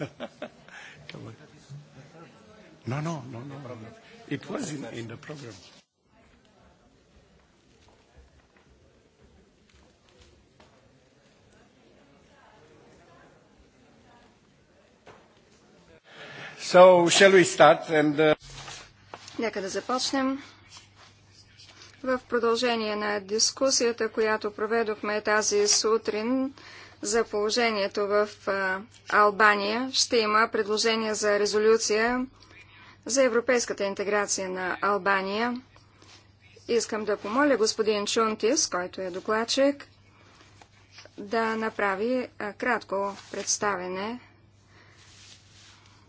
no, no, no, no. It was in, in the program. So, shall we start and, uh... Нека да започнем. В продължение на дискусията, която проведохме тази сутрин за положението в Албания. Ще има предложение за резолюция за европейската интеграция на Албания. Искам да помоля господин Чунтис, който е докладчик, да направи кратко представене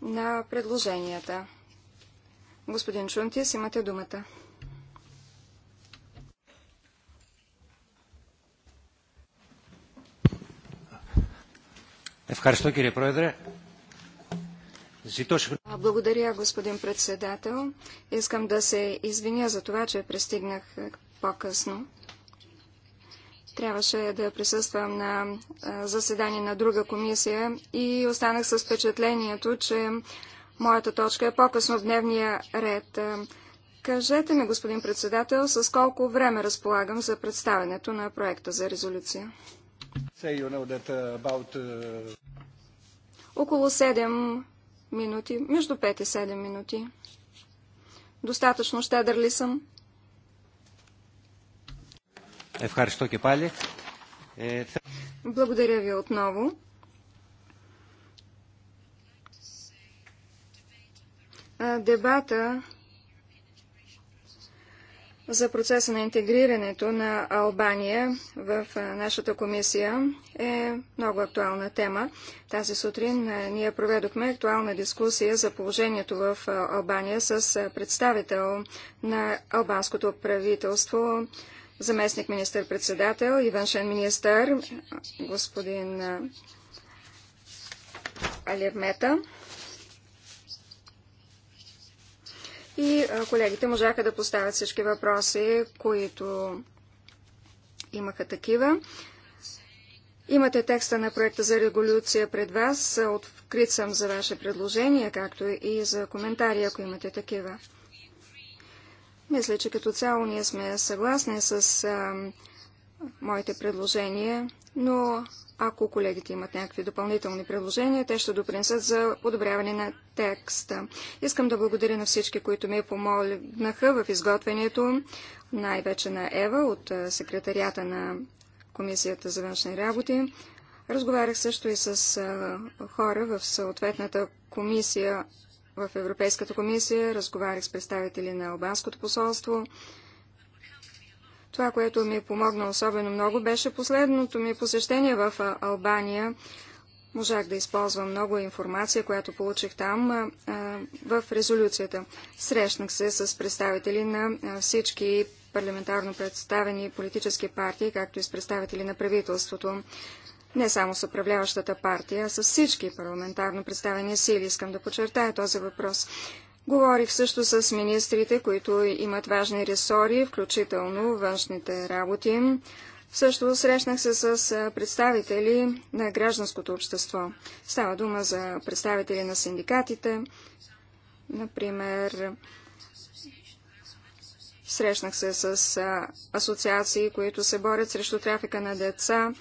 на предложенията. Господин Чунтис, имате думата. Благодаря, господин председател. Искам да се извиня за това, че пристигнах е, по-късно. Трябваше да присъствам на заседание на друга комисия и останах с впечатлението, че моята точка е по-късно в дневния ред. Кажете ми, господин председател, с колко време разполагам за представенето на проекта за резолюция? Uh, uh, Около 7 минути, между 5 и 7 минути. Достатъчно щедър ли съм? Е, Благодаря ви отново. Дебата за процеса на интегрирането на Албания в нашата комисия е много актуална тема. Тази сутрин ние проведохме актуална дискусия за положението в Албания с представител на албанското правителство, заместник министър-председател и външен министър господин Алиев Мета. и колегите можаха да поставят всички въпроси, които имаха такива. Имате текста на проекта за регулюция пред вас. Открит съм за ваше предложение, както и за коментари, ако имате такива. Мисля, че като цяло ние сме съгласни с а, моите предложения, но ако колегите имат някакви допълнителни предложения, те ще допринесат за подобряване на текста. Искам да благодаря на всички, които ми помогнаха в изготвянето, най-вече на Ева от секретарията на Комисията за външни работи. Разговарях също и с хора в съответната комисия в Европейската комисия, разговарях с представители на Албанското посолство, това, което ми помогна особено много, беше последното ми посещение в Албания. Можах да използвам много информация, която получих там в резолюцията. Срещнах се с представители на всички парламентарно представени политически партии, както и с представители на правителството. Не само с управляващата партия, а с всички парламентарно представени сили. Искам да подчертая този въпрос. Говорих също с министрите, които имат важни ресори, включително външните работи. Също срещнах се с представители на гражданското общество. Става дума за представители на синдикатите. Например, срещнах се с асоциации, които се борят срещу трафика на деца.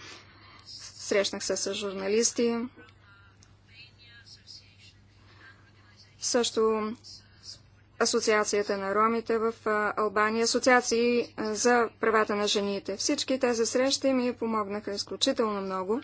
Срещнах се с журналисти, също Асоциацията на ромите в Албания, асоциации за правата на жените. Всички тези срещи ми помогнаха изключително много.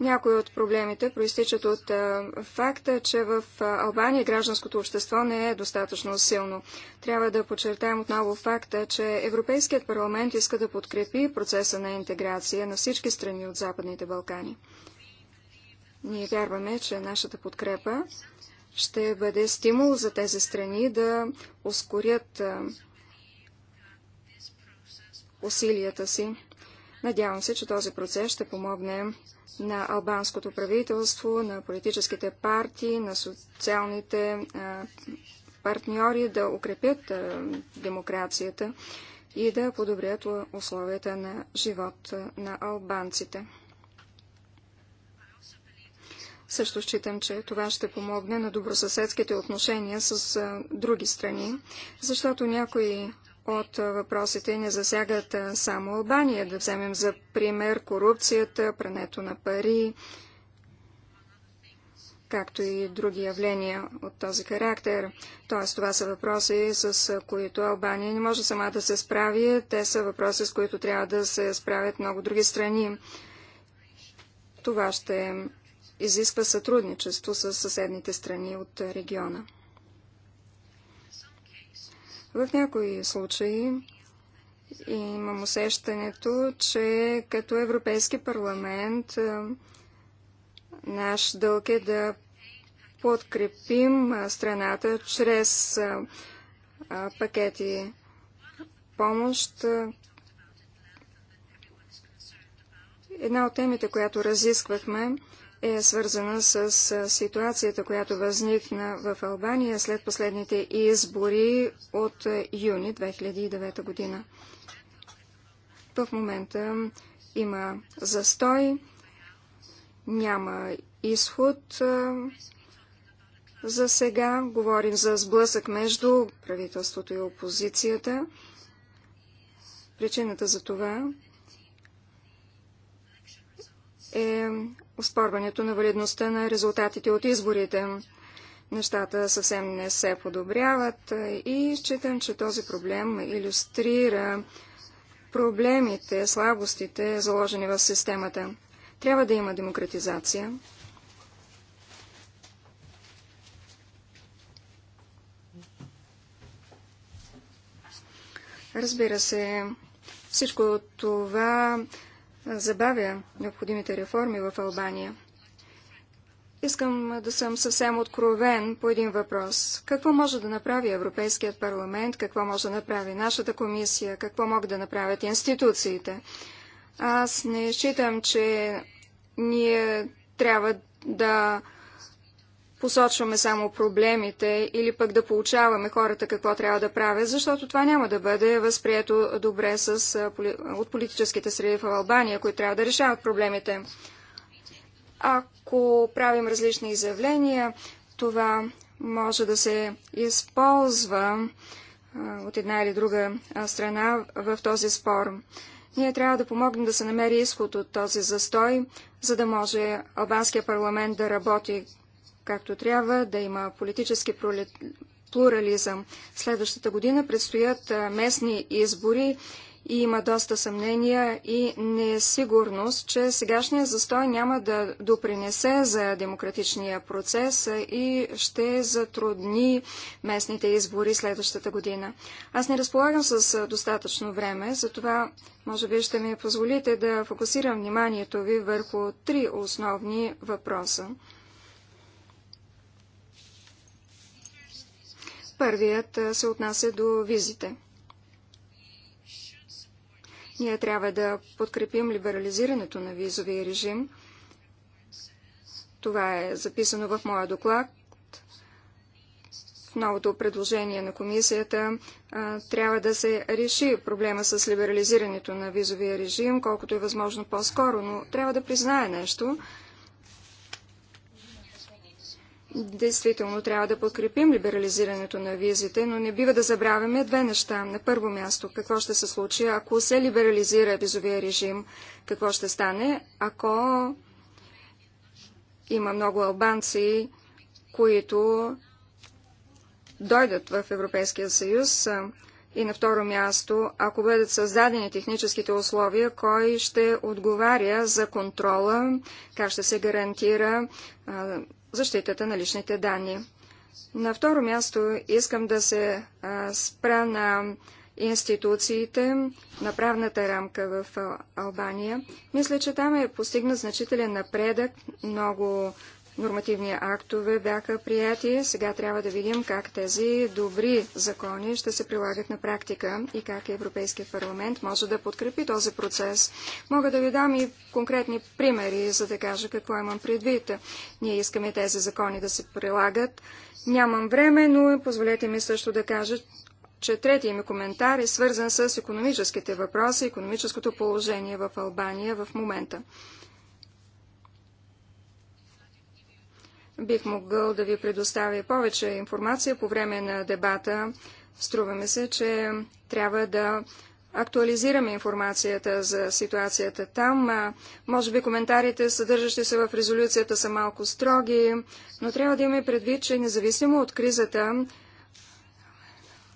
Някои от проблемите проистичат от а, факта, че в Албания гражданското общество не е достатъчно силно. Трябва да подчертаем отново факта, че Европейският парламент иска да подкрепи процеса на интеграция на всички страни от Западните Балкани. Ние вярваме, че нашата подкрепа ще бъде стимул за тези страни да ускорят усилията си. Надявам се, че този процес ще помогне на албанското правителство, на политическите партии, на социалните партньори да укрепят демокрацията и да подобрят условията на живот на албанците. Също считам, че това ще помогне на добросъседските отношения с а, други страни, защото някои от а, въпросите не засягат а, само Албания. Да вземем за пример корупцията, прането на пари, както и други явления от този характер. Тоест, това са въпроси, с които Албания не може сама да се справи. Те са въпроси, с които трябва да се справят много други страни. Това ще изисква сътрудничество с съседните страни от региона. В някои случаи имам усещането, че като Европейски парламент е, наш дълг е да подкрепим е, страната чрез е, пакети помощ. Една от темите, която разисквахме, е свързана с ситуацията, която възникна в Албания след последните избори от юни 2009 година. В момента има застой, няма изход. За сега говорим за сблъсък между правителството и опозицията. Причината за това е оспорването на валидността на резултатите от изборите. Нещата съвсем не се подобряват и считам, че този проблем иллюстрира проблемите, слабостите, заложени в системата. Трябва да има демократизация. Разбира се, всичко това забавя необходимите реформи в Албания. Искам да съм съвсем откровен по един въпрос. Какво може да направи Европейският парламент, какво може да направи нашата комисия, какво могат да направят институциите? Аз не считам, че ние трябва да посочваме само проблемите или пък да получаваме хората какво трябва да правят, защото това няма да бъде възприето добре с, от политическите среди в Албания, които трябва да решават проблемите. Ако правим различни изявления, това може да се използва от една или друга страна в този спор. Ние трябва да помогнем да се намери изход от този застой, за да може албанския парламент да работи както трябва, да има политически плурализъм. Следващата година предстоят местни избори и има доста съмнения и несигурност, че сегашният застой няма да допринесе за демократичния процес и ще затрудни местните избори следващата година. Аз не разполагам с достатъчно време, затова може би ще ми позволите да фокусирам вниманието ви върху три основни въпроса. Първият се отнася до визите. Ние трябва да подкрепим либерализирането на визовия режим. Това е записано в моя доклад. В новото предложение на комисията трябва да се реши проблема с либерализирането на визовия режим, колкото е възможно по-скоро, но трябва да признае нещо – Действително трябва да подкрепим либерализирането на визите, но не бива да забравяме две неща. На първо място, какво ще се случи, ако се либерализира визовия режим? Какво ще стане, ако има много албанци, които дойдат в Европейския съюз? И на второ място, ако бъдат създадени техническите условия, кой ще отговаря за контрола, как ще се гарантира защитата на личните данни. На второ място искам да се спра на институциите на правната рамка в Албания. Мисля, че там е постигнат значителен напредък. Много нормативни актове бяха прияти. Сега трябва да видим как тези добри закони ще се прилагат на практика и как Европейския парламент може да подкрепи този процес. Мога да ви дам и конкретни примери, за да кажа какво имам предвид. Ние искаме тези закони да се прилагат. Нямам време, но позволете ми също да кажа, че третия ми коментар е свързан с економическите въпроси, економическото положение в Албания в момента. Бих могъл да ви предоставя повече информация по време на дебата. Струваме се, че трябва да актуализираме информацията за ситуацията там. може би коментарите, съдържащи се в резолюцията, са малко строги, но трябва да имаме предвид, че независимо от кризата,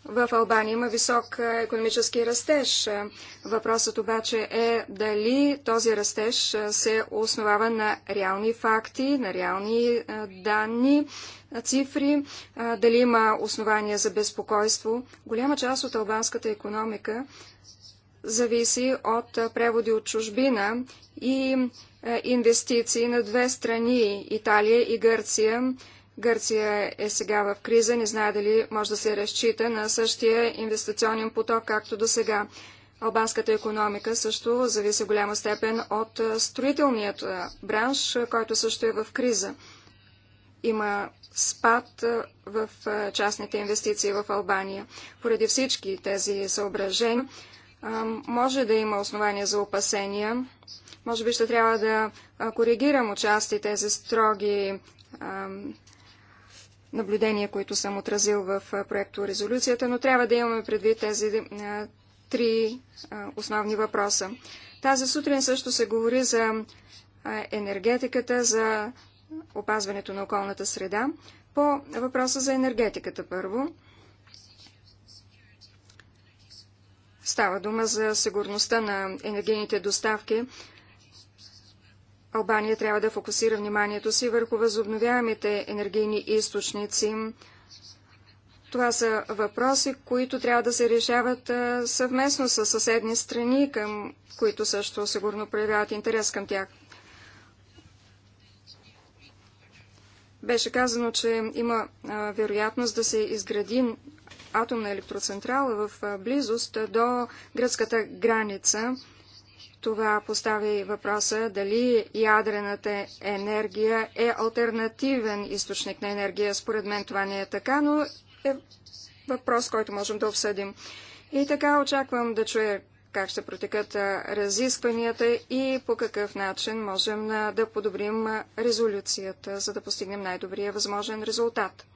в Албания има висок економически растеж. Въпросът обаче е дали този растеж се основава на реални факти, на реални данни, цифри, дали има основания за безпокойство. Голяма част от албанската економика зависи от преводи от чужбина и инвестиции на две страни Италия и Гърция Гърция е сега в криза, не знае дали може да се разчита на същия инвестиционен поток, както до сега. Албанската економика също зависи в голяма степен от строителният бранш, който също е в криза. Има спад в частните инвестиции в Албания. Поради всички тези съображения може да има основания за опасения. Може би ще трябва да коригирам участи тези строги наблюдения, които съм отразил в проекто резолюцията, но трябва да имаме предвид тези три основни въпроса. Тази сутрин също се говори за енергетиката, за опазването на околната среда. По въпроса за енергетиката първо. Става дума за сигурността на енергийните доставки. Албания трябва да фокусира вниманието си върху възобновяемите енергийни източници. Това са въпроси, които трябва да се решават съвместно с съседни страни, към които също сигурно проявяват интерес към тях. Беше казано, че има вероятност да се изгради атомна електроцентрала в близост до гръцката граница това поставя и въпроса дали ядрената енергия е альтернативен източник на енергия. Според мен това не е така, но е въпрос, който можем да обсъдим. И така очаквам да чуя как ще протекат разискванията и по какъв начин можем да подобрим резолюцията, за да постигнем най-добрия възможен резултат.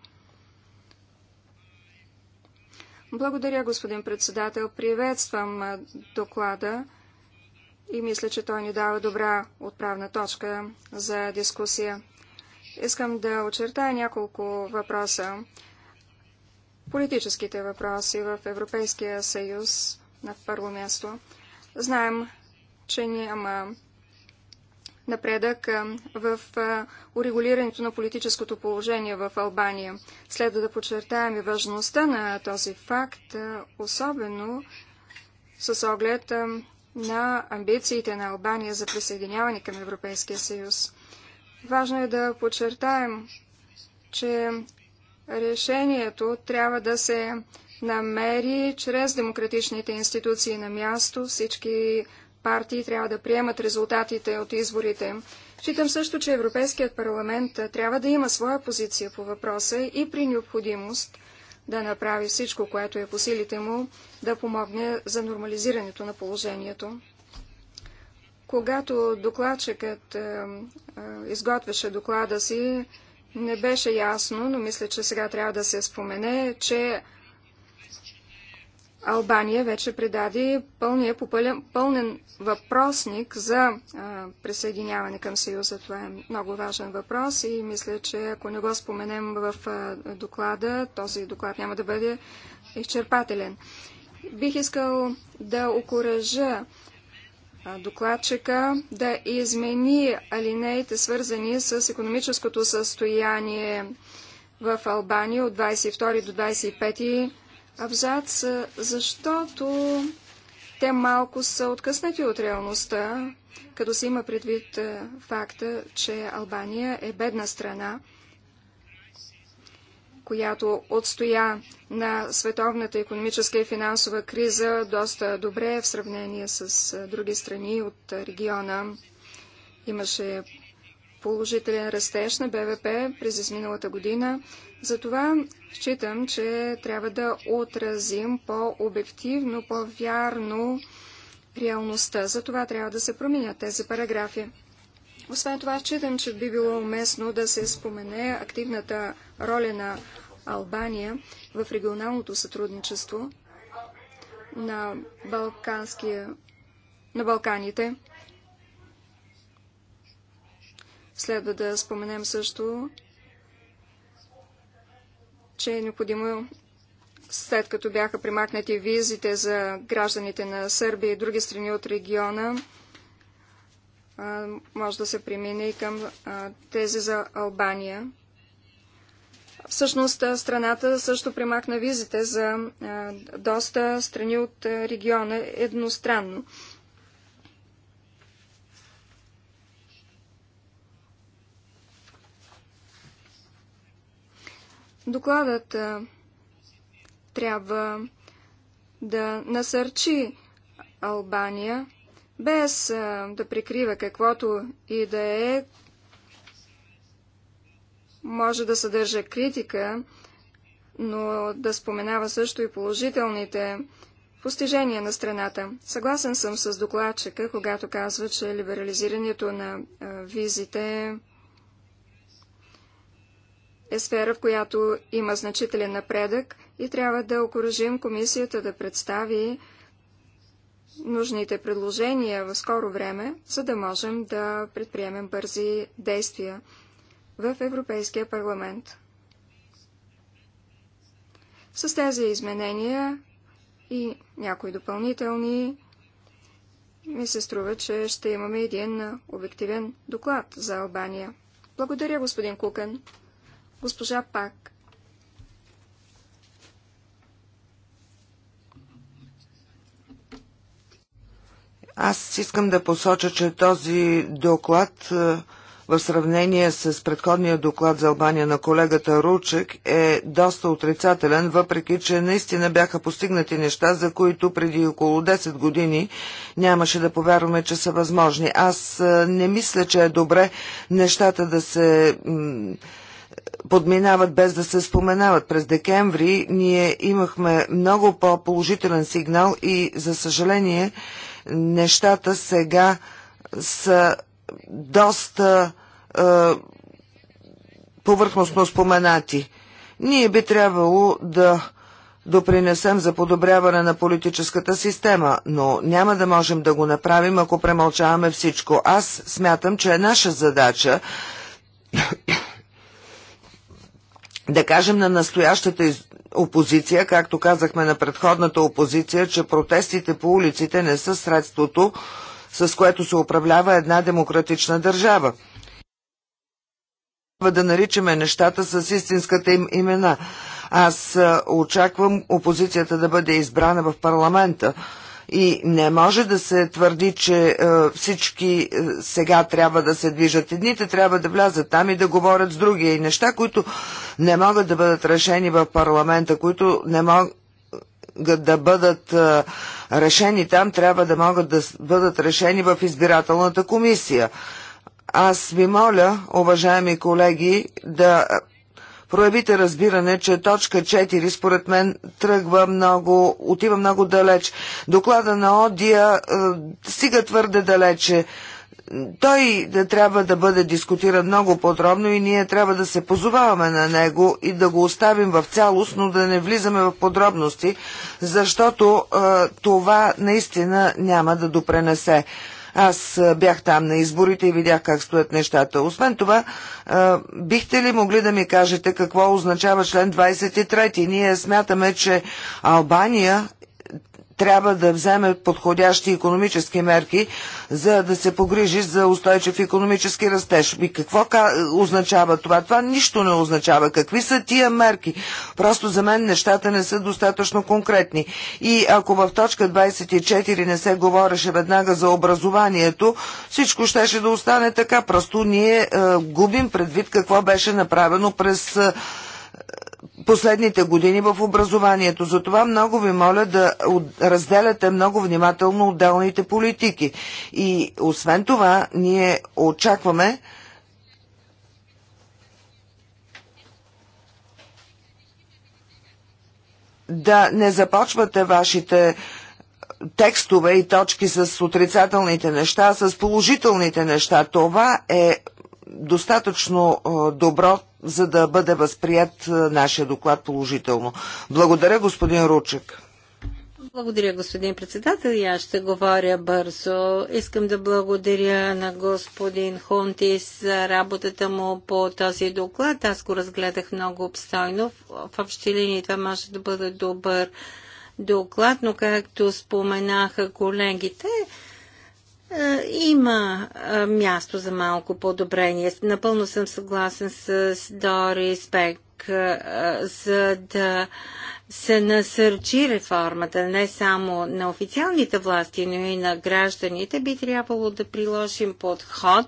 Благодаря, господин председател. Приветствам доклада и мисля, че той ни дава добра отправна точка за дискусия. Искам да очертая няколко въпроса. Политическите въпроси в Европейския съюз на първо място. Знаем, че няма напредък в урегулирането на политическото положение в Албания. Следва да подчертаем и важността на този факт, особено с оглед на амбициите на Албания за присъединяване към Европейския съюз. Важно е да подчертаем, че решението трябва да се намери чрез демократичните институции на място. Всички партии трябва да приемат резултатите от изборите. Считам също, че Европейският парламент трябва да има своя позиция по въпроса и при необходимост – да направи всичко, което е по силите му, да помогне за нормализирането на положението. Когато докладчикът е, е, изготвяше доклада си, не беше ясно, но мисля, че сега трябва да се спомене, че Албания вече предаде пълния попълен, пълнен въпросник за а, присъединяване към Съюза. Това е много важен въпрос и мисля, че ако не го споменем в а, доклада, този доклад няма да бъде изчерпателен. Бих искал да окоръжа докладчика да измени алинеите, свързани с економическото състояние в Албания от 22 до 25 абзац, защото те малко са откъснати от реалността, като се има предвид факта, че Албания е бедна страна, която отстоя на световната економическа и финансова криза доста добре в сравнение с други страни от региона. Имаше положителен растеж на БВП през изминалата година. Затова считам, че трябва да отразим по-обективно, по-вярно реалността. Затова трябва да се променят тези параграфи. Освен това, считам, че би било уместно да се спомене активната роля на Албания в регионалното сътрудничество на, Балканския, на Балканите. Следва да споменем също че е необходимо след като бяха примахнати визите за гражданите на Сърбия и други страни от региона, може да се премине и към тези за Албания. Всъщност страната също примахна визите за доста страни от региона едностранно. Докладът трябва да насърчи Албания, без да прикрива каквото и да е, може да съдържа критика, но да споменава също и положителните постижения на страната. Съгласен съм с докладчика, когато казва, че либерализирането на визите е сфера, в която има значителен напредък и трябва да окоръжим комисията да представи нужните предложения в скоро време, за да можем да предприемем бързи действия в Европейския парламент. С тези изменения и някои допълнителни ми се струва, че ще имаме един обективен доклад за Албания. Благодаря, господин Кукен. Госпожа Пак. Аз искам да посоча, че този доклад е, в сравнение с предходния доклад за Албания на колегата Ручек е доста отрицателен, въпреки че наистина бяха постигнати неща, за които преди около 10 години нямаше да повярваме, че са възможни. Аз е, не мисля, че е добре нещата да се подминават без да се споменават. През декември ние имахме много по-положителен сигнал и, за съжаление, нещата сега са доста е, повърхностно споменати. Ние би трябвало да допринесем за подобряване на политическата система, но няма да можем да го направим, ако премълчаваме всичко. Аз смятам, че е наша задача да кажем на настоящата опозиция, както казахме на предходната опозиция, че протестите по улиците не са средството, с което се управлява една демократична държава. Трябва да наричаме нещата с истинската им имена. Аз очаквам опозицията да бъде избрана в парламента. И не може да се твърди, че е, всички е, сега трябва да се движат. Едните трябва да влязат там и да говорят с други. И неща, които не могат да бъдат решени в парламента, които не могат да бъдат е, решени там, трябва да могат да бъдат решени в избирателната комисия. Аз ви моля, уважаеми колеги, да проявите разбиране, че точка 4 според мен тръгва много, отива много далеч. Доклада на Одия е, стига твърде далече той да трябва да бъде дискутиран много подробно и ние трябва да се позоваваме на него и да го оставим в цялост, но да не влизаме в подробности, защото е, това наистина няма да допренесе. Аз бях там на изборите и видях как стоят нещата. Освен това, бихте ли могли да ми кажете какво означава член 23? Ние смятаме, че Албания трябва да вземе подходящи економически мерки, за да се погрижи за устойчив економически растеж. И какво означава това? Това нищо не означава. Какви са тия мерки? Просто за мен нещата не са достатъчно конкретни. И ако в точка 24 не се говореше веднага за образованието, всичко щеше да остане така. Просто ние е, губим предвид какво беше направено през е, последните години в образованието. Затова много ви моля да разделяте много внимателно отделните политики. И освен това, ние очакваме да не започвате вашите текстове и точки с отрицателните неща, с положителните неща. Това е достатъчно е, добро за да бъде възприят е, нашия доклад положително. Благодаря, господин Ручек. Благодаря, господин председател. Я аз ще говоря бързо. Искам да благодаря на господин Хунтис за работата му по този доклад. Аз го разгледах много обстойно. В общи линии това може да бъде добър доклад, но както споменаха колегите, е, има е, място за малко подобрение. Напълно съм съгласен с Дори Спек, е, за да се насърчи реформата не само на официалните власти, но и на гражданите, би трябвало да приложим подход,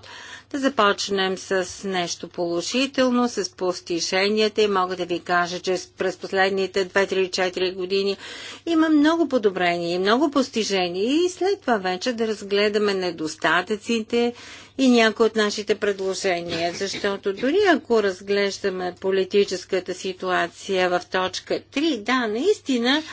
да започнем с нещо положително, с постиженията и мога да ви кажа, че през последните 2-3-4 години има много подобрения и много постижения и след това вече да разгледаме недостатъците и някои от нашите предложения, защото дори ако разглеждаме политическата ситуация в точка 3, да, наистина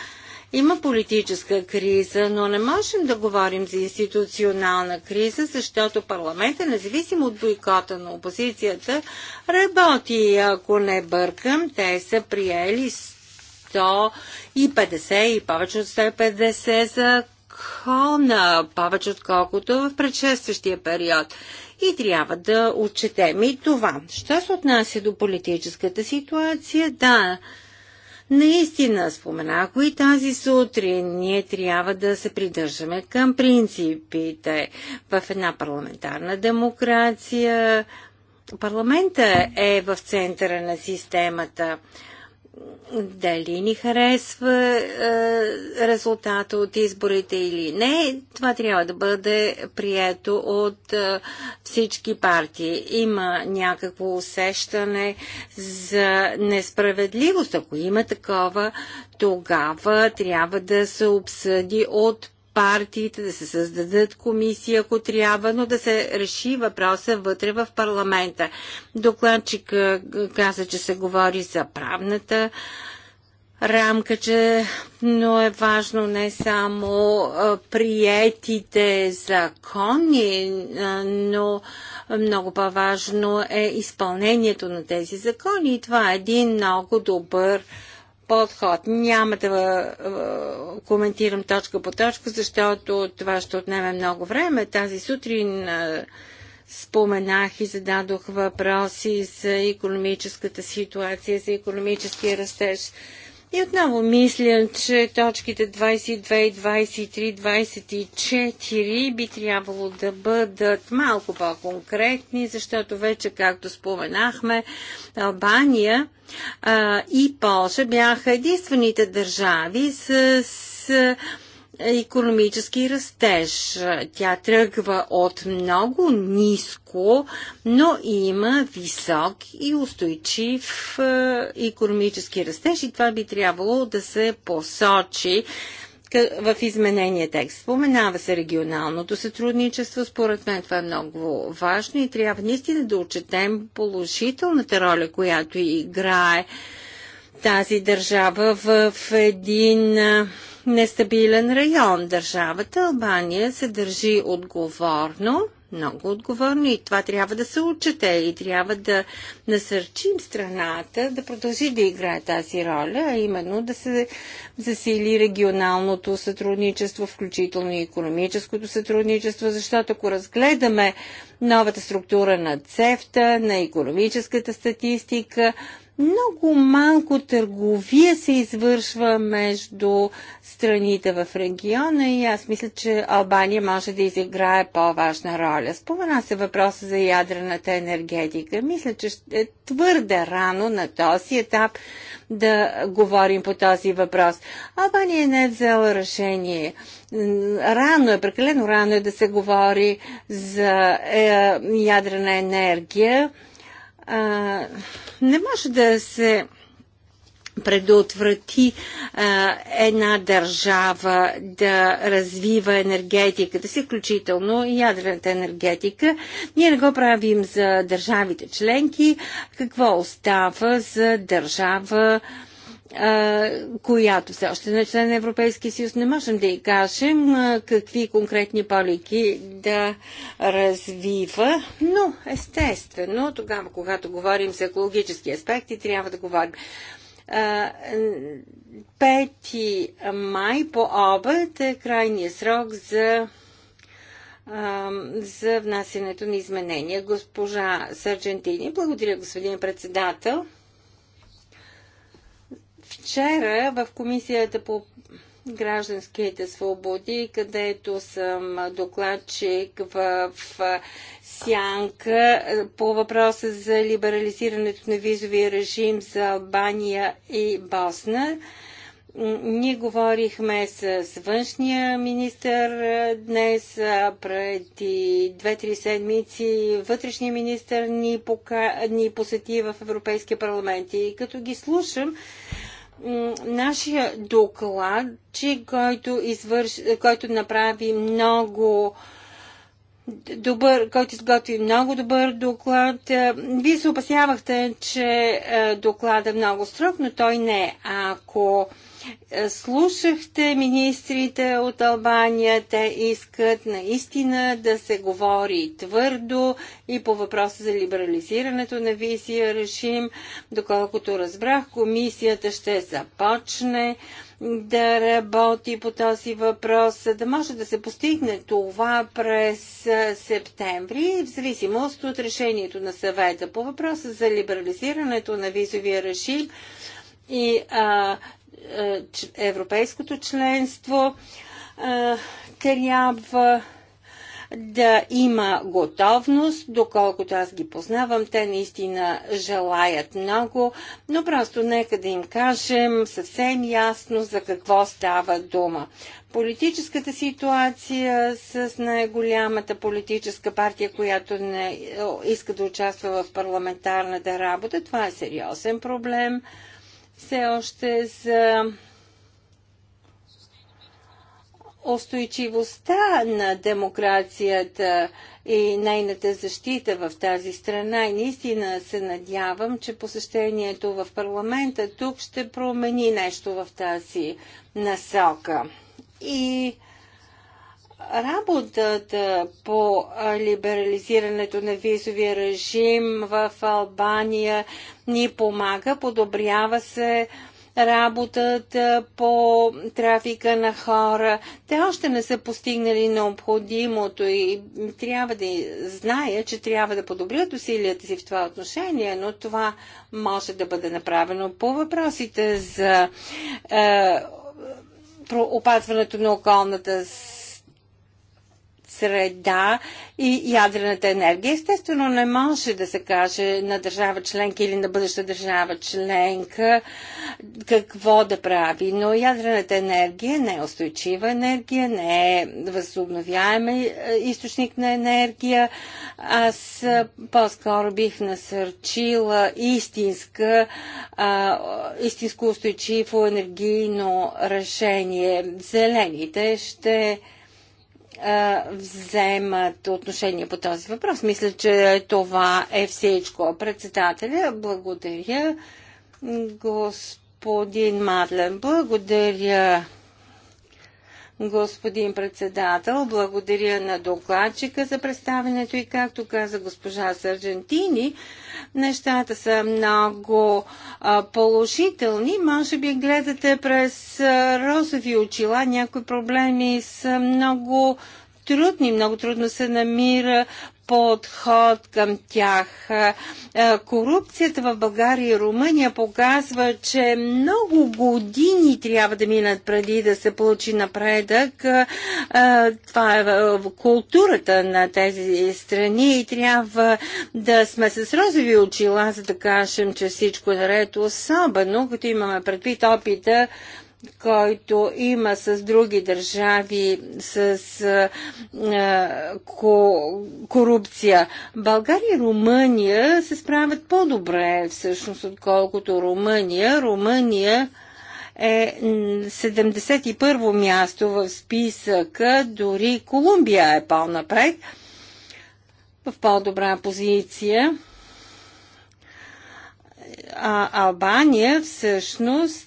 има политическа криза, но не можем да говорим за институционална криза, защото парламента, независимо от бойкота на опозицията, работи. Ако не бъркам, те са приели 150 и повече от 150 закона, повече отколкото в предшестващия период. И трябва да отчетем и това. Що се отнася до политическата ситуация? Да, Наистина, споменах и тази сутрин, ние трябва да се придържаме към принципите. В една парламентарна демокрация парламента е в центъра на системата дали ни харесва е, резултата от изборите или не, това трябва да бъде прието от е, всички партии. Има някакво усещане за несправедливост. Ако има такова, тогава трябва да се обсъди от партиите, да се създадат комисии, ако трябва, но да се реши въпроса вътре в парламента. Докладчик каза, че се говори за правната рамка, че но е важно не само приетите закони, но много по-важно е изпълнението на тези закони и това е един много добър подход. Няма да коментирам точка по точка, защото това ще отнеме много време. Тази сутрин споменах и зададох въпроси за економическата ситуация, за економическия растеж и отново мисля, че точките 22, 23, 24 би трябвало да бъдат малко по-конкретни, защото вече, както споменахме, Албания а, и Польша бяха единствените държави с, с економически растеж. Тя тръгва от много ниско, но има висок и устойчив е, економически растеж и това би трябвало да се посочи в изменения текст. Споменава се регионалното сътрудничество. Според мен това е много важно и трябва наистина да отчетем положителната роля, която играе тази държава в един нестабилен район. Държавата Албания се държи отговорно, много отговорно и това трябва да се учете и трябва да насърчим страната да продължи да играе тази роля, а именно да се засили регионалното сътрудничество, включително и економическото сътрудничество, защото ако разгледаме новата структура на ЦЕФТА, на економическата статистика, много малко търговия се извършва между страните в региона и аз мисля, че Албания може да изиграе по-важна роля. Спомена се въпроса за ядрената енергетика. Мисля, че е твърде рано на този етап да говорим по този въпрос. Албания не е взела решение. Рано е, прекалено рано е да се говори за е, ядрена енергия не може да се предотврати а, една държава да развива енергетиката си, включително и ядрената енергетика. Ние не го правим за държавите членки. Какво остава за държава а, която все още не е член на Европейския съюз, не можем да й кажем какви конкретни полики да развива, но естествено, тогава, когато говорим за екологически аспекти, трябва да говорим. 5 май по обед е крайния срок за за внасянето на изменения. Госпожа Сърджентини, благодаря господин председател. Вчера в Комисията по гражданските свободи, където съм докладчик в Сянка е, по въпроса за либерализирането на визовия режим за Албания и Босна. Ние говорихме с външния министр днес, преди 2-3 седмици вътрешния министр ни, пока... ни посети в Европейския парламент. И като ги слушам, нашия доклад, че който, извърш, който направи много добър, който изготви много добър доклад. Е, Вие се опасявахте, че е, доклад е много строг, но той не е. Ако слушахте министрите от Албания, те искат наистина да се говори твърдо и по въпроса за либерализирането на визия решим. Доколкото разбрах, комисията ще започне да работи по този въпрос, да може да се постигне това през септември, в зависимост от решението на съвета по въпроса за либерализирането на визовия режим и а, европейското членство а, трябва да има готовност, доколкото аз ги познавам, те наистина желаят много, но просто нека да им кажем съвсем ясно за какво става дума. Политическата ситуация с най-голямата политическа партия, която не е, иска да участва в парламентарната работа, това е сериозен проблем. Все още за устойчивостта на демокрацията и нейната защита в тази страна. И наистина се надявам, че посещението в парламента тук ще промени нещо в тази насока. И работата по либерализирането на визовия режим в Албания ни помага, подобрява се работата по трафика на хора. Те още не са постигнали необходимото и трябва да зная, че трябва да подобрят усилията си в това отношение, но това може да бъде направено по въпросите за е, опазването на околната среда и ядрената енергия. Естествено, не може да се каже на държава членка или на бъдеща държава членка какво да прави, но ядрената енергия не е устойчива енергия, не е възобновяем е, източник на енергия. Аз е, по-скоро бих насърчила истинска, а, истинско устойчиво енергийно решение. Зелените ще вземат отношение по този въпрос. Мисля, че това е всичко. Председателя, благодаря. Господин Мадлен, благодаря Господин председател, благодаря на докладчика за представенето и както каза госпожа Сарджентини, нещата са много а, положителни. Може би гледате през а, розови очила, някои проблеми са много трудни, много трудно се намира подход към тях. Е, е, корупцията в България и Румъния показва, че много години трябва да минат преди да се получи напредък. Е, това е културата на тези страни и трябва да сме с розови очила, за да кажем, че всичко е наред, особено като имаме предвид опита който има с други държави, с а, ко, корупция. България и Румъния се справят по-добре, всъщност, отколкото Румъния. Румъния е 71-во място в списъка, дори Колумбия е по-напред, в по-добра позиция. А Албания всъщност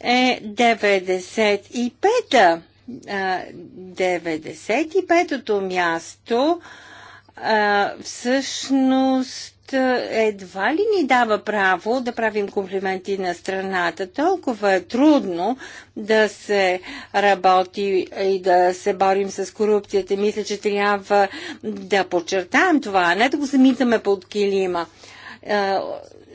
е 95-та. 95-то място всъщност е, едва ли ни дава право да правим комплименти на страната. Толкова е трудно да се работи и да се борим с корупцията. Мисля, че трябва да подчертаем това, а не да го замитаме под килима.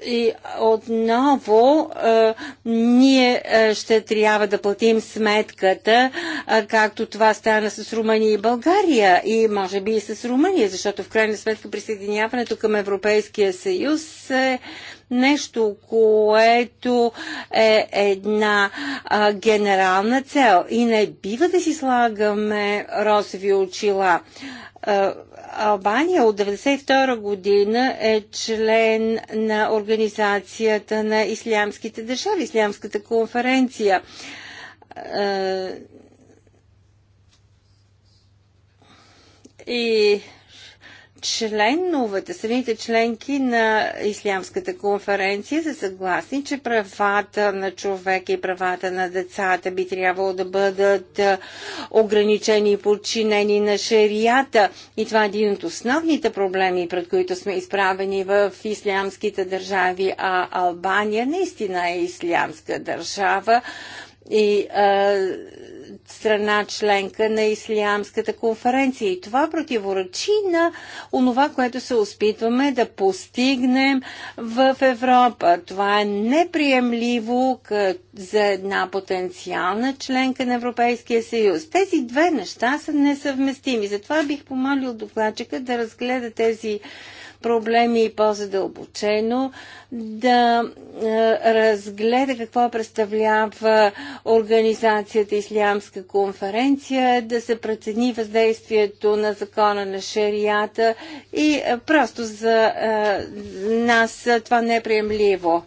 И отново а, е, ние а, е, ще трябва да платим сметката, а, е, както това стана с Румъния и България и може би и с Румъния, защото в крайна сметка присъединяването към Европейския съюз е нещо, което е една а, генерална цел. И не бива да си слагаме розови очила. А, Албания от 1992 година е член на Организацията на Ислямските държави, Ислямската конференция. Е, и членовете, самите членки на Ислямската конференция са съгласни, че правата на човека и правата на децата би трябвало да бъдат ограничени и подчинени на шерията. И това е един от основните проблеми, пред които сме изправени в ислямските държави, а Албания наистина е ислямска държава. И а, страна членка на Ислямската конференция. И това противоречи на онова, което се успитваме да постигнем в Европа. Това е неприемливо за една потенциална членка на Европейския съюз. Тези две неща са несъвместими. Затова бих помолил докладчика да разгледа тези проблеми и по-задълбочено, да е, разгледа какво представлява организацията Ислямска конференция, да се прецени въздействието на закона на шарията и е, просто за е, нас това не е приемливо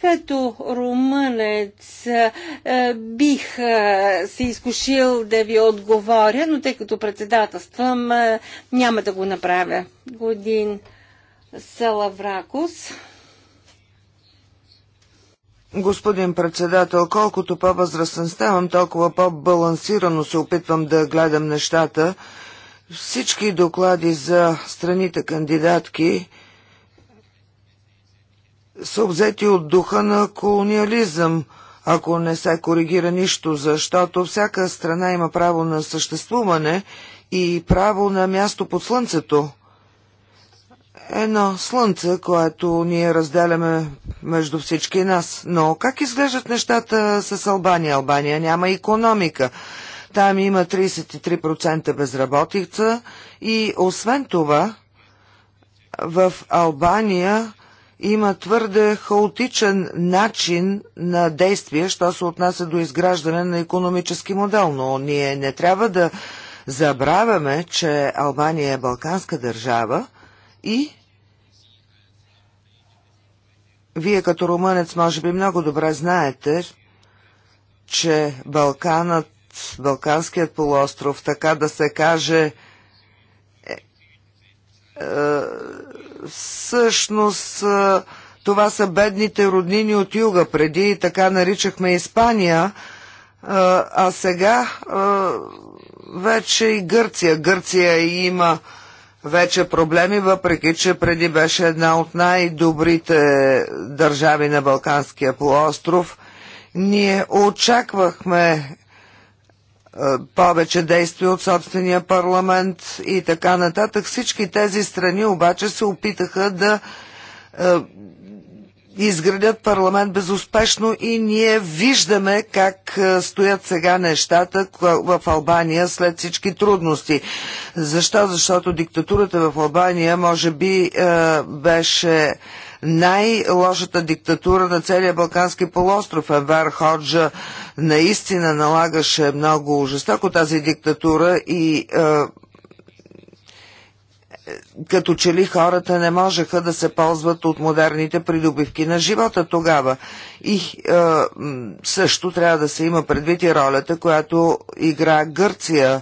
като румънец бих се изкушил да ви отговоря, но тъй като председателствам, няма да го направя. Годин Салавракус. Господин председател, колкото по-възрастен ставам, толкова по-балансирано се опитвам да гледам нещата. Всички доклади за страните кандидатки са обзети от духа на колониализъм, ако не се коригира нищо, защото всяка страна има право на съществуване и право на място под слънцето – едно слънце, което ние разделяме между всички нас. Но как изглеждат нещата с Албания? Албания няма економика. Там има 33% безработица и освен това в Албания има твърде хаотичен начин на действие, що се отнася до изграждане на економически модел. Но ние не трябва да забравяме, че Албания е балканска държава и вие като румънец може би много добре знаете, че Балканът, Балканският полуостров, така да се каже, е, е, всъщност е, това са бедните роднини от юга. Преди така наричахме Испания, е, а сега е, вече и Гърция. Гърция има вече проблеми, въпреки че преди беше една от най-добрите държави на Балканския полуостров. Ние очаквахме е, повече действия от собствения парламент и така нататък. Всички тези страни обаче се опитаха да е, изградят парламент безуспешно и ние виждаме как е, стоят сега нещата в Албания след всички трудности. Защо? Защото диктатурата в Албания може би е, беше най-лошата диктатура на целия Балкански полуостров. Енвер Ходжа наистина налагаше много жестоко тази диктатура и е, като че ли хората не можеха да се ползват от модерните придобивки на живота тогава. И е, също трябва да се има предвид и ролята, която игра Гърция. Е,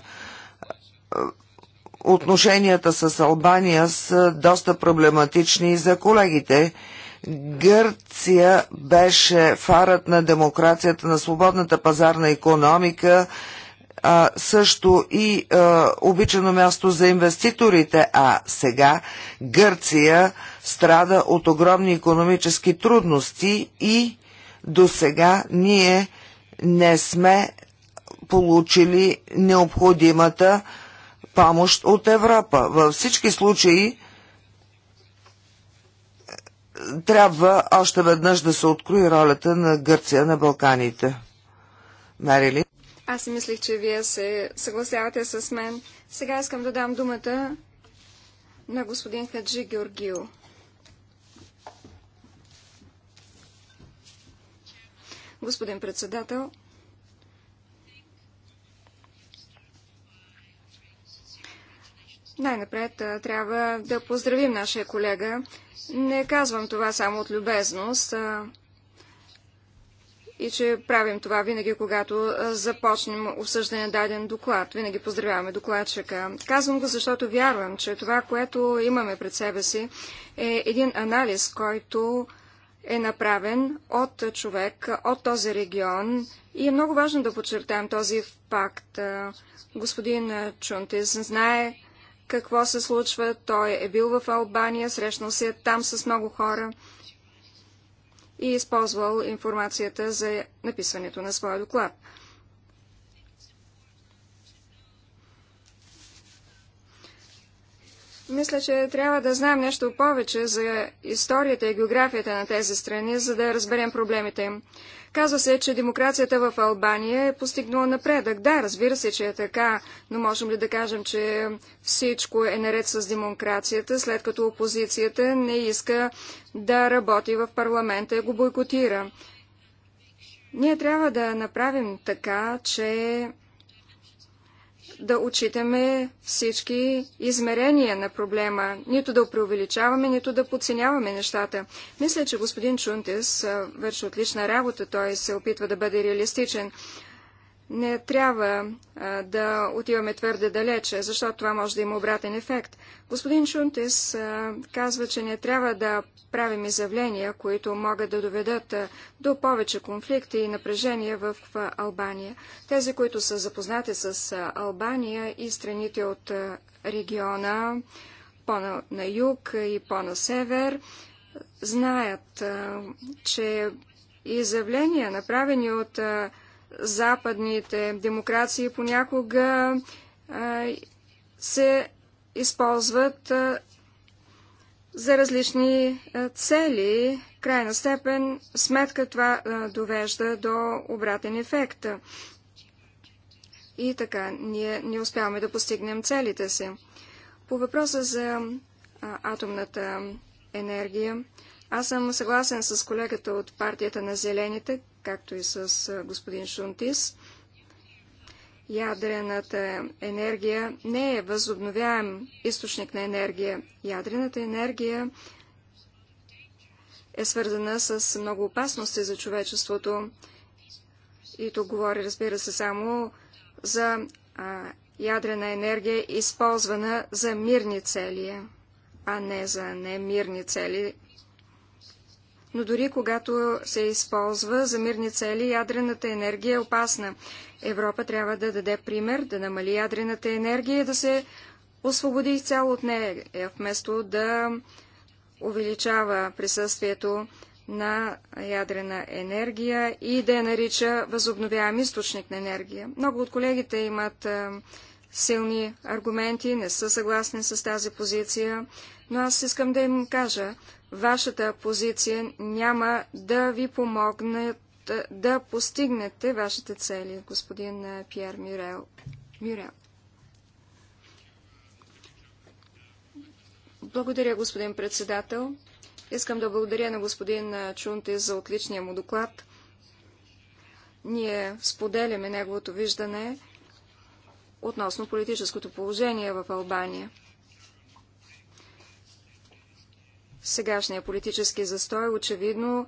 отношенията с Албания са доста проблематични за колегите. Гърция беше фарът на демокрацията, на свободната пазарна економика, а, също и а, обичано място за инвеститорите, а сега Гърция страда от огромни економически трудности и до сега ние не сме получили необходимата помощ от Европа. Във всички случаи е, трябва още веднъж да се открои ролята на Гърция на Балканите. Мерили? Аз си мислих, че вие се съгласявате с мен. Сега искам да дам думата на господин Хаджи Георгио. Господин председател, най-напред трябва да поздравим нашия колега. Не казвам това само от любезност и че правим това винаги, когато започнем обсъждане на даден доклад. Винаги поздравяваме докладчика. Казвам го, защото вярвам, че това, което имаме пред себе си, е един анализ, който е направен от човек, от този регион. И е много важно да подчертаем този факт. Господин Чунтис знае какво се случва. Той е бил в Албания, срещнал се е там с много хора и използвал информацията за написването на своя доклад. Мисля, че трябва да знаем нещо повече за историята и географията на тези страни, за да разберем проблемите им. Казва се, че демокрацията в Албания е постигнала напредък. Да, разбира се, че е така, но можем ли да кажем, че всичко е наред с демокрацията, след като опозицията не иска да работи в парламента и го бойкотира? Ние трябва да направим така, че да отчитаме всички измерения на проблема, нито да преувеличаваме, нито да подценяваме нещата. Мисля, че господин Чунтес върши отлична работа, той се опитва да бъде реалистичен не трябва да отиваме твърде далече, защото това може да има обратен ефект. Господин Шунтес казва, че не трябва да правим изявления, които могат да доведат до повече конфликти и напрежения в Албания. Тези, които са запознати с Албания и страните от региона по-на юг и по-на север, знаят, че изявления, направени от Албания, западните демокрации понякога а, се използват а, за различни а, цели. Крайна степен сметка това а, довежда до обратен ефект. И така, ние не успяваме да постигнем целите си. По въпроса за а, атомната енергия, аз съм съгласен с колегата от партията на Зелените както и с господин Шунтис. Ядрената енергия не е възобновяем източник на енергия. Ядрената енергия е свързана с много опасности за човечеството. И тук говори, разбира се, само за а, ядрена енергия, използвана за мирни цели, а не за немирни цели, но дори когато се използва за мирни цели, ядрената енергия е опасна. Европа трябва да даде пример, да намали ядрената енергия и да се освободи изцяло от нея, е, вместо да увеличава присъствието на ядрена енергия и да я нарича възобновяем източник на енергия. Много от колегите имат е, силни аргументи, не са съгласни с тази позиция, но аз искам да им кажа, вашата позиция няма да ви помогне е, да постигнете вашите цели, господин е, Пьер Мюрел. Мюрел. Благодаря, господин председател. Искам да благодаря на господин е, Чунте за отличния му доклад. Ние споделяме неговото виждане – относно политическото положение в Албания. Сегашния политически застой очевидно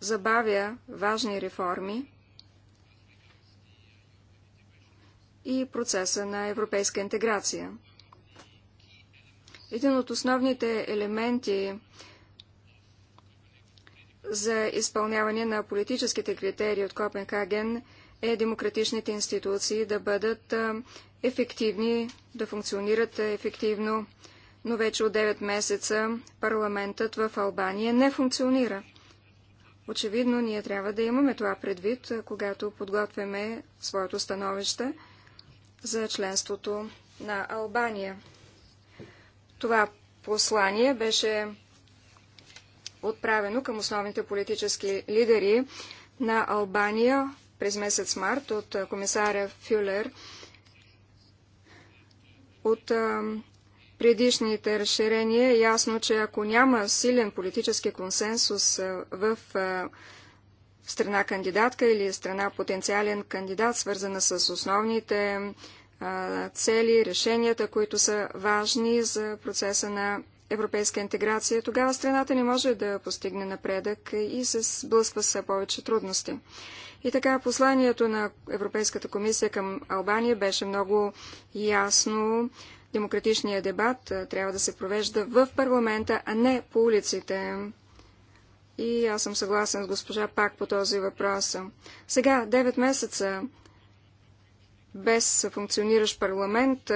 забавя важни реформи и процеса на европейска интеграция. Един от основните елементи за изпълняване на политическите критерии от Копенхаген е демократичните институции да бъдат ефективни, да функционират ефективно, но вече от 9 месеца парламентът в Албания не функционира. Очевидно, ние трябва да имаме това предвид, когато подготвяме своето становище за членството на Албания. Това послание беше отправено към основните политически лидери на Албания през месец март от комисаря Фюлер от предишните разширения е ясно, че ако няма силен политически консенсус в страна кандидатка или страна потенциален кандидат, свързана с основните цели, решенията, които са важни за процеса на европейска интеграция, тогава страната не може да постигне напредък и се сблъсква с повече трудности. И така посланието на Европейската комисия към Албания беше много ясно. Демократичният дебат трябва да се провежда в парламента, а не по улиците. И аз съм съгласен с госпожа Пак по този въпрос. Сега, 9 месеца без функциониращ парламент,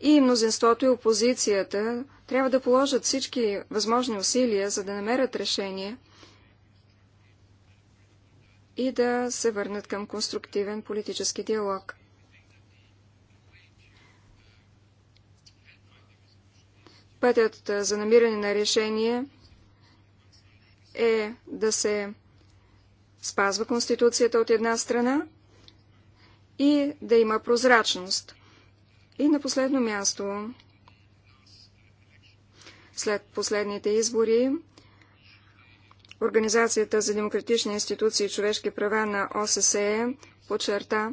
и мнозинството и опозицията трябва да положат всички възможни усилия, за да намерят решение и да се върнат към конструктивен политически диалог. Пътят за намиране на решение е да се спазва Конституцията от една страна и да има прозрачност – и на последно място, след последните избори, Организацията за демократични институции и човешки права на ОССЕ подчерта,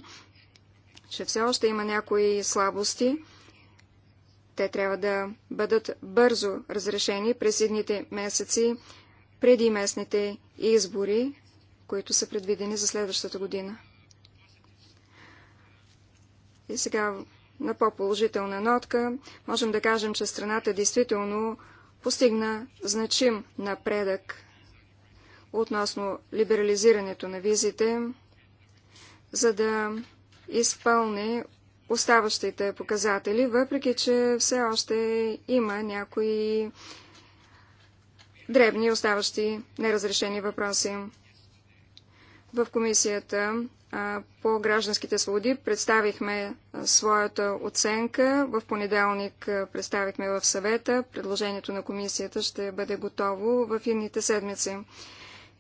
че все още има някои слабости. Те трябва да бъдат бързо разрешени през едните месеци преди местните избори, които са предвидени за следващата година. И сега на по-положителна нотка. Можем да кажем, че страната действително постигна значим напредък относно либерализирането на визите, за да изпълни оставащите показатели, въпреки че все още има някои дребни оставащи неразрешени въпроси. В комисията по гражданските свободи представихме своята оценка. В понеделник представихме в съвета. Предложението на комисията ще бъде готово в едните седмици.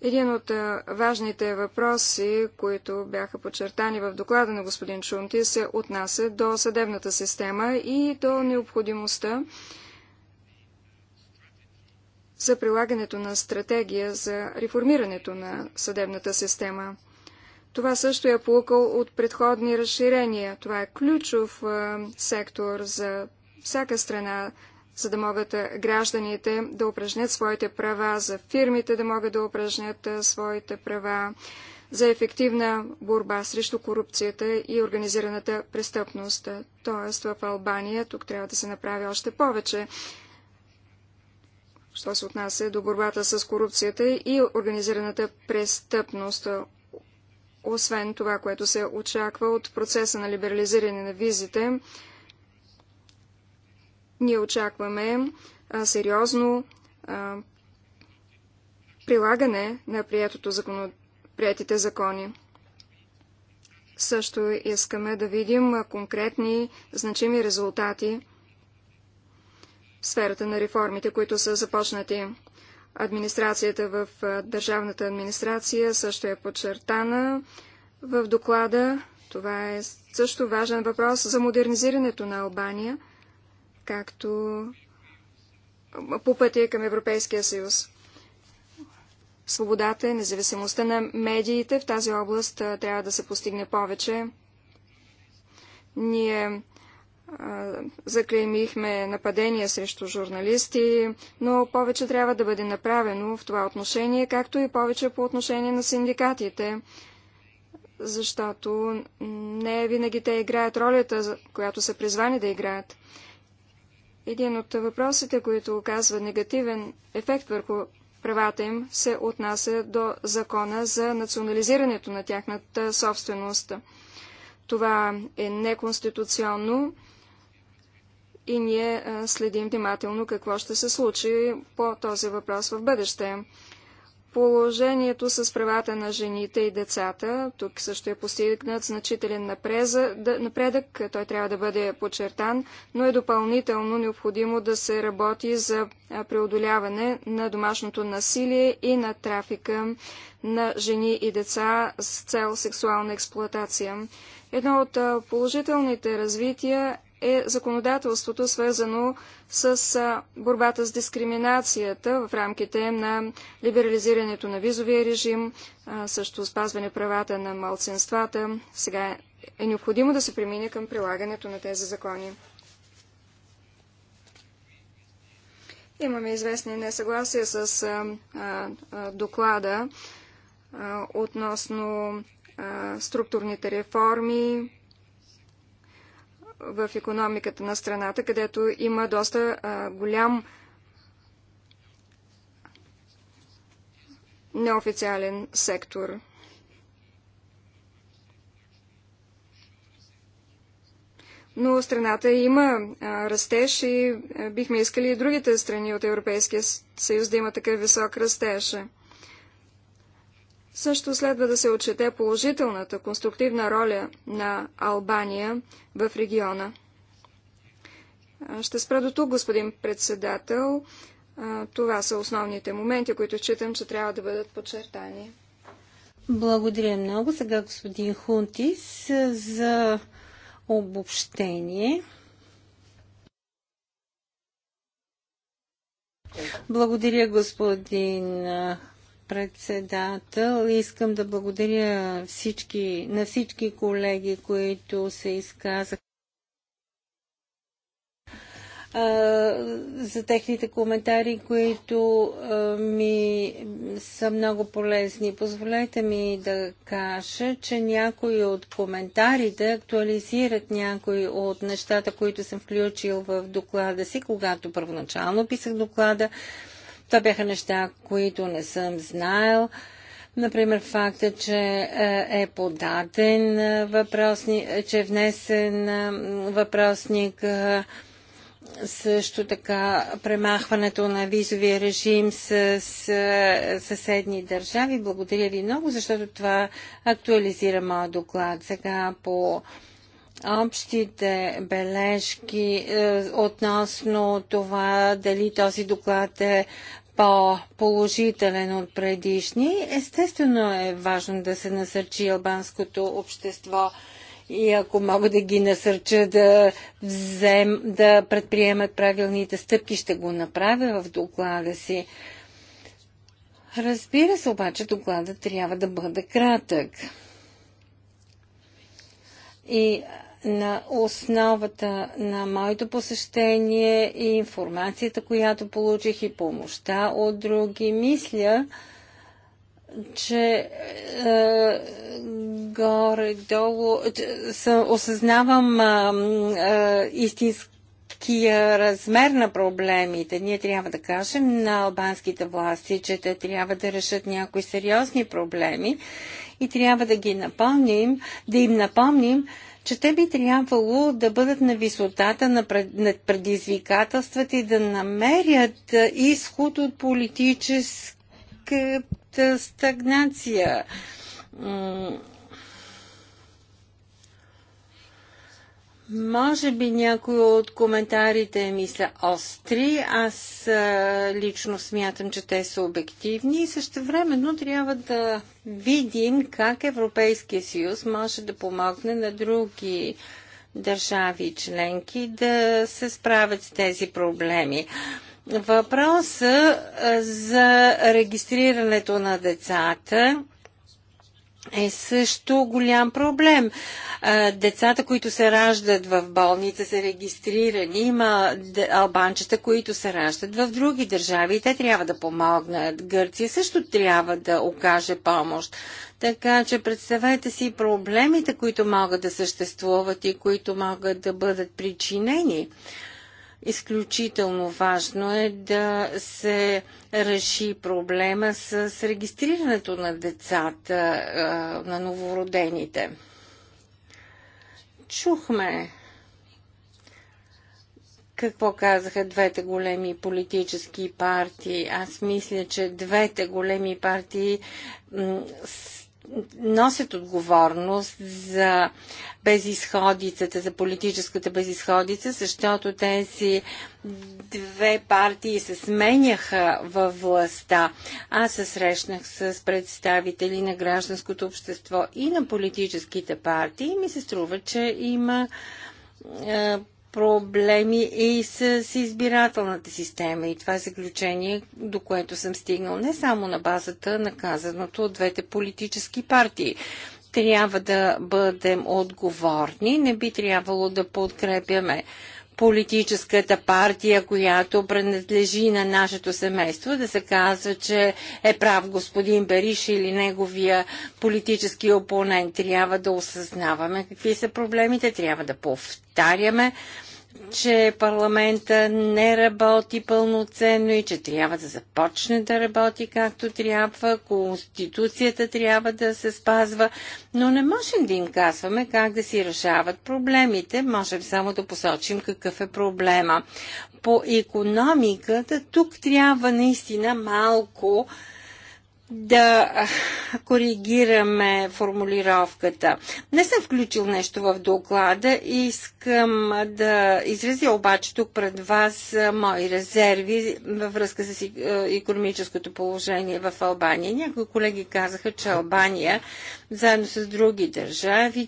Един от важните въпроси, които бяха подчертани в доклада на господин Чунти, се отнася до съдебната система и до необходимостта за прилагането на стратегия за реформирането на съдебната система – това също е полукал от предходни разширения. Това е ключов а, сектор за всяка страна, за да могат гражданите да упражнят своите права, за фирмите да могат да упражнят своите права, за ефективна борба срещу корупцията и организираната престъпност. Тоест в Албания тук трябва да се направи още повече що се отнася до борбата с корупцията и организираната престъпност освен това, което се очаква от процеса на либерализиране на визите, ние очакваме а, сериозно а, прилагане на законо... приятите закони. Също искаме да видим конкретни, значими резултати в сферата на реформите, които са започнати администрацията в държавната администрация също е подчертана в доклада. Това е също важен въпрос за модернизирането на Албания, както по пътя към Европейския съюз. Свободата и независимостта на медиите в тази област трябва да се постигне повече. Ние заклеймихме нападения срещу журналисти, но повече трябва да бъде направено в това отношение, както и повече по отношение на синдикатите, защото не винаги те играят ролята, която са призвани да играят. Един от въпросите, които оказва негативен ефект върху правата им, се отнася до закона за национализирането на тяхната собственост. Това е неконституционно и ние следим внимателно какво ще се случи по този въпрос в бъдеще. Положението с правата на жените и децата, тук също е постигнат значителен напредък, той трябва да бъде подчертан, но е допълнително необходимо да се работи за преодоляване на домашното насилие и на трафика на жени и деца с цел сексуална експлоатация. Едно от положителните развития е законодателството, свързано с борбата с дискриминацията в рамките на либерализирането на визовия режим, също спазване правата на малцинствата. Сега е, е необходимо да се премине към прилагането на тези закони. Имаме известни несъгласия с а, а, доклада а, относно структурните реформи, в економиката на страната, където има доста голям неофициален сектор. Но страната има растеж и бихме искали и другите страни от Европейския съюз да има такъв висок растеж. Също следва да се отчете положителната конструктивна роля на Албания в региона. Ще спра до тук, господин председател. Това са основните моменти, които считам, че трябва да бъдат подчертани. Благодаря много. Сега господин Хунтис за обобщение. Благодаря, господин председател. Искам да благодаря всички, на всички колеги, които се изказаха за техните коментари, които ми са много полезни. Позволете ми да кажа, че някои от коментарите актуализират някои от нещата, които съм включил в доклада си, когато първоначално писах доклада. Това бяха неща, които не съм знаел. Например, факта, че е, е подаден е, въпросник, е, че е внесен въпросник също така премахването на визовия режим с, съседни държави. Благодаря ви много, защото това актуализира моят доклад. Сега по общите бележки относно това дали този доклад е по-положителен от предишни. Естествено е важно да се насърчи албанското общество и ако мога да ги насърча да, взем, да предприемат правилните стъпки, ще го направя в доклада си. Разбира се, обаче докладът трябва да бъде кратък. И на основата на моето посещение и информацията, която получих и помощта от други. Мисля, че е, горе-долу е, осъзнавам е, е, истинския размер на проблемите. Ние трябва да кажем на албанските власти, че те трябва да решат някои сериозни проблеми и трябва да ги напомним, да им напомним, че те би трябвало да бъдат на висотата на предизвикателствата и да намерят изход от политическата стагнация Може би някои от коментарите ми са остри. Аз лично смятам, че те са обективни и същевременно трябва да видим как Европейския съюз може да помогне на други държави и членки да се справят с тези проблеми. Въпроса за регистрирането на децата е също голям проблем. Децата, които се раждат в болница, са регистрирани. Има албанчета, които се раждат в други държави и те трябва да помогнат. Гърция също трябва да окаже помощ. Така че представете си проблемите, които могат да съществуват и които могат да бъдат причинени Изключително важно е да се реши проблема с регистрирането на децата, на новородените. Чухме какво казаха двете големи политически партии. Аз мисля, че двете големи партии носят отговорност за безисходицата, за политическата безисходица, защото тези две партии се сменяха във властта. Аз се срещнах с представители на гражданското общество и на политическите партии и ми се струва, че има е, проблеми и с избирателната система. И това е заключение, до което съм стигнал не само на базата на казаното от двете политически партии. Трябва да бъдем отговорни, не би трябвало да подкрепяме политическата партия, която принадлежи на нашето семейство, да се казва, че е прав господин Бериш или неговия политически опонент. Трябва да осъзнаваме какви са проблемите, трябва да повтаряме че парламента не работи пълноценно и че трябва да започне да работи както трябва, конституцията трябва да се спазва, но не можем да им казваме как да си решават проблемите, можем само да посочим какъв е проблема. По економиката тук трябва наистина малко да коригираме формулировката. Не съм включил нещо в доклада. Искам да изразя обаче тук пред вас мои резерви във връзка с економическото положение в Албания. Някои колеги казаха, че Албания заедно с други държави,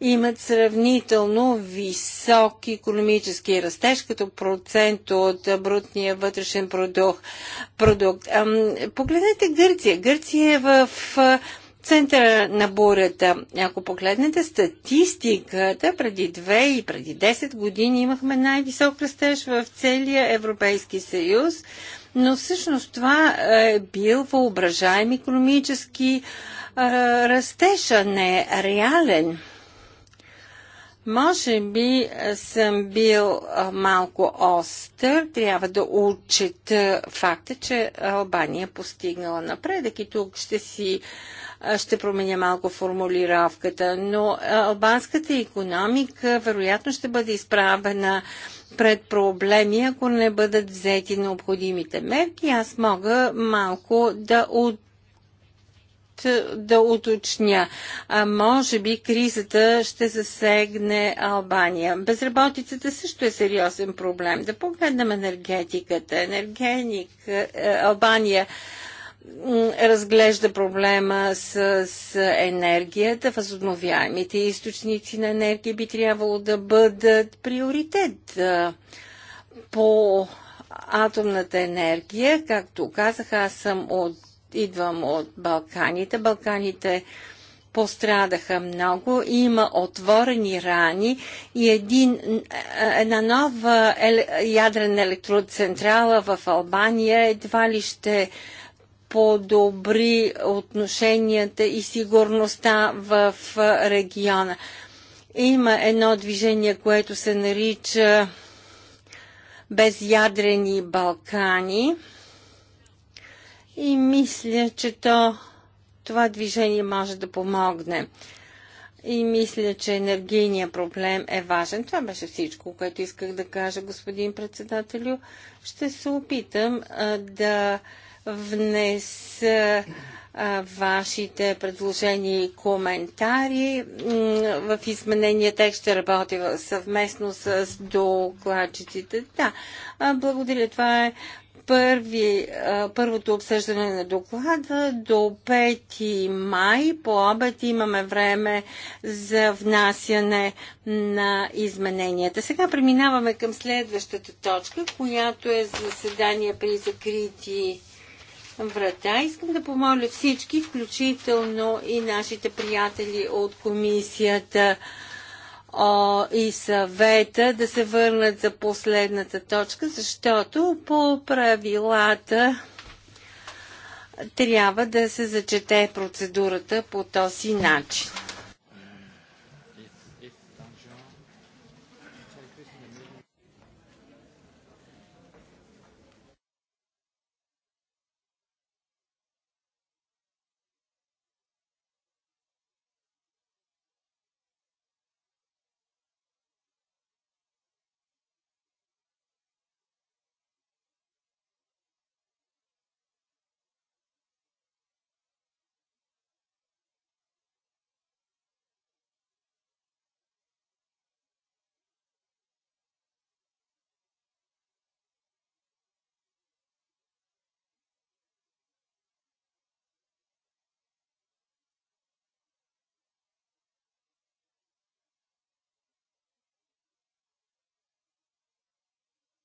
имат сравнително висок економически растеж като процент от брутния вътрешен продукт. продукт. Погледнете Гърция. Гърция е в центъра на бурята. Ако погледнете статистиката, преди 2 и преди 10 години имахме най-висок растеж в целия Европейски съюз но всъщност това е бил въображаем економически растеж, а не реален. Може би е, съм бил е, малко остър. Трябва да отчета факта, че Албания е постигнала напредък и тук ще си ще променя малко формулировката, но албанската економика вероятно ще бъде изправена пред проблеми, ако не бъдат взети необходимите мерки. Аз мога малко да от е, да уточня. А може би кризата ще засегне Албания. Безработицата също е сериозен проблем. Да погледнем енергетиката. Енергеник, е, е, Албания разглежда проблема с, с енергията, възобновяемите източници на енергия би трябвало да бъдат приоритет по атомната енергия. Както казах, аз съм от идвам от Балканите. Балканите пострадаха много, има отворени рани и един, една нова ел, ядрена електроцентрала в Албания едва ли ще подобри отношенията и сигурността в региона. Има едно движение, което се нарича Безядрени Балкани и мисля, че то, това движение може да помогне. И мисля, че енергийният проблем е важен. Това беше всичко, което исках да кажа, господин председателю. Ще се опитам а, да внеса вашите предложения и коментари. В изменения текст ще работя съвместно с докладчиците. Да, благодаря. Това е първи, първото обсъждане на доклада до 5 май. По обед имаме време за внасяне на измененията. Сега преминаваме към следващата точка, която е заседание при закрити врата. Искам да помоля всички, включително и нашите приятели от комисията О, и съвета да се върнат за последната точка, защото по правилата трябва да се зачете процедурата по този начин.